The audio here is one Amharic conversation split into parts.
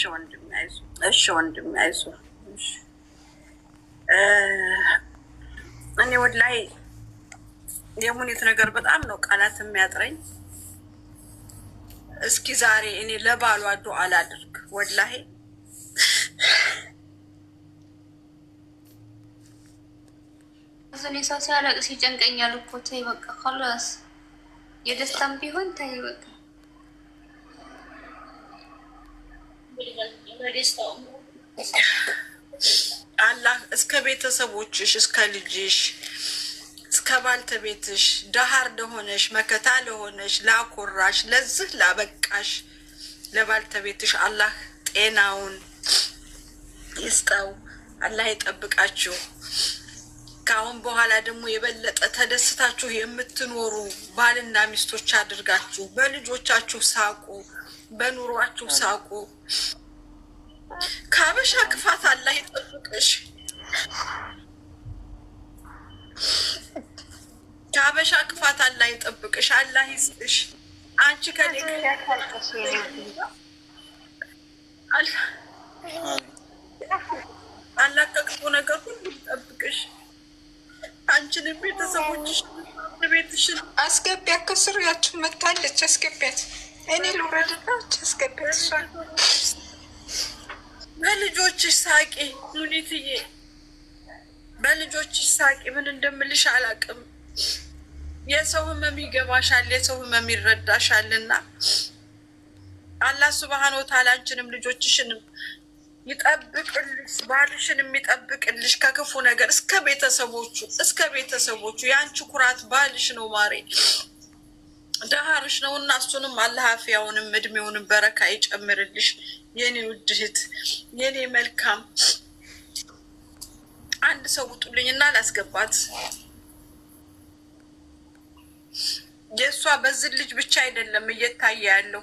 እሺ ወንድም አይዞ፣ እሺ ወንድም አይዞ። እኔ ወላሂ የሙኒት ነገር በጣም ነው ቃላት የሚያጥረኝ። እስኪ ዛሬ እኔ ለባሏ አላድርግ እኔ ሰው ሲያለቅስ ይጨንቀኛል እኮ ተይ በቃ የደስታም ቢሆን ተይ በቃ አላህ እስከ ቤተሰቦችሽ እስከ ልጅሽ እስከ ባልተቤትሽ ዳሃር ለሆነሽ መከታ ለሆነሽ ላኮራሽ ለዚህ ላበቃሽ ለባልተቤትሽ አላህ ጤናውን ይስጠው። አላህ ይጠብቃችሁ። ከአሁን በኋላ ደግሞ የበለጠ ተደስታችሁ የምትኖሩ ባልና ሚስቶች አድርጋችሁ በልጆቻችሁ ሳቁ። በኑሯችሁ ሳቁ። ከአበሻ ክፋት አላህ ይጠብቅሽ። ከአበሻ ክፋት አላህ ይጠብቅሽ፣ አላህ ይስጥሽ። አንቺ ከሌ አላህ ከክፉ ነገር ሁሉ ይጠብቅሽ። አንቺንም ቤተሰቦችሽ ቤትሽን አስገቢያ ከስር ያችን መታለች አስገቢያት እኔ ልውረድና አስገቢያት። በልጆች ሳቂ ሉኒትዬ በልጆች ሳቂ። ምን እንደምልሽ አላውቅም። የሰው ህመም ይገባሻል፣ የሰው ህመም ይረዳሻል። እና አላህ ሱብሃነ ወተዓላ አንቺንም ልጆችሽንም ይጠብቅልሽ፣ ባልሽንም ይጠብቅልሽ ከክፉ ነገር እስከ ቤተሰቦቹ እስከ ቤተሰቦቹ። የአንቺ ኩራት ባልሽ ነው ማሬ ዳሃርሽ ነው እና እሱንም አለሀፊያውንም እድሜውንም በረካ ይጨምርልሽ የኔ ውድህት የኔ መልካም። አንድ ሰው ውጡልኝ እና ላስገባት። የእሷ በዚህ ልጅ ብቻ አይደለም እየታየ ያለው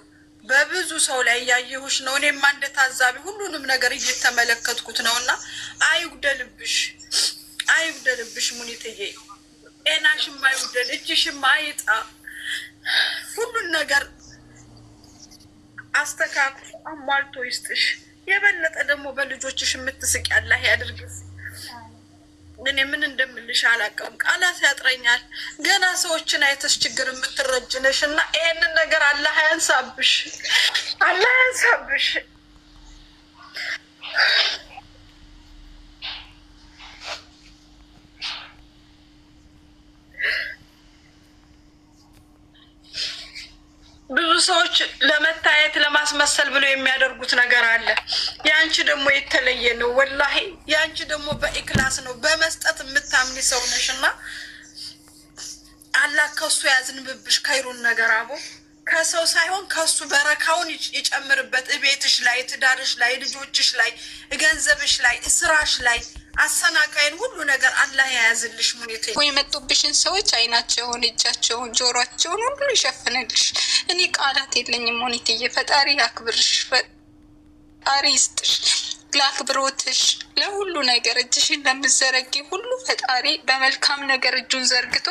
በብዙ ሰው ላይ እያየሁሽ ነው። እኔም አንድ ታዛቢ ሁሉንም ነገር እየተመለከትኩት ነው እና አይጉደልብሽ፣ አይጉደልብሽ ሙኒትዬ ጤናሽም አይጉደል፣ እጅሽም አይጣ ሁሉን ነገር አስተካክሎ አሟልቶ ይስጥሽ። የበለጠ ደግሞ በልጆችሽ የምትስቅ ያላ ያድርግስ። እኔ ምን እንደምልሽ አላውቅም፣ ቃላት ያጥረኛል። ገና ሰዎችን አይተሽ ችግር የምትረጅነሽ እና ይሄንን ነገር አላህ ያንሳብሽ፣ አላህ ያንሳብሽ። ሰዎች ለመታየት ለማስመሰል ብለው የሚያደርጉት ነገር አለ። የአንቺ ደግሞ የተለየ ነው። ወላሂ የአንቺ ደግሞ በኢክላስ ነው፣ በመስጠት የምታምኒ ሰው ነሽ እና አላህ ከሱ ያዝንብብሽ ከይሩን ነገር አቦ ከሰው ሳይሆን ከሱ በረካውን ይጨምርበት። እቤትሽ ላይ፣ ትዳርሽ ላይ፣ ልጆችሽ ላይ፣ ገንዘብሽ ላይ፣ ስራሽ ላይ አሰናቃይን ሁሉ ነገር አላህ የያዝልሽ። ሙኔት የመጡብሽን ሰዎች አይናቸውን፣ እጃቸውን፣ ጆሯቸውን ሁሉ ይሸፍንልሽ። እኔ ቃላት የለኝም። ሙኔትዬ ፈጣሪ አክብርሽ፣ ፈጣሪ ይስጥሽ ለአክብሮትሽ ለሁሉ ነገር እጅሽን ለምዘረጊ ሁሉ ፈጣሪ በመልካም ነገር እጁን ዘርግቶ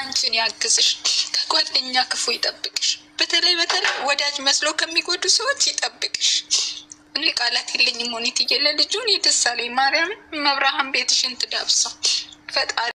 አንቺን ያግዝሽ። ከጓደኛ ክፉ ይጠብቅሽ። በተለይ በተለይ ወዳጅ መስሎ ከሚጎዱ ሰዎች ይጠብቅሽ። እኔ ቃላት የለኝም። ሆኔት እየለ ልጁን የደሳለኝ ማርያም መብርሃን ቤትሽን ትዳብሰው ፈጣሪ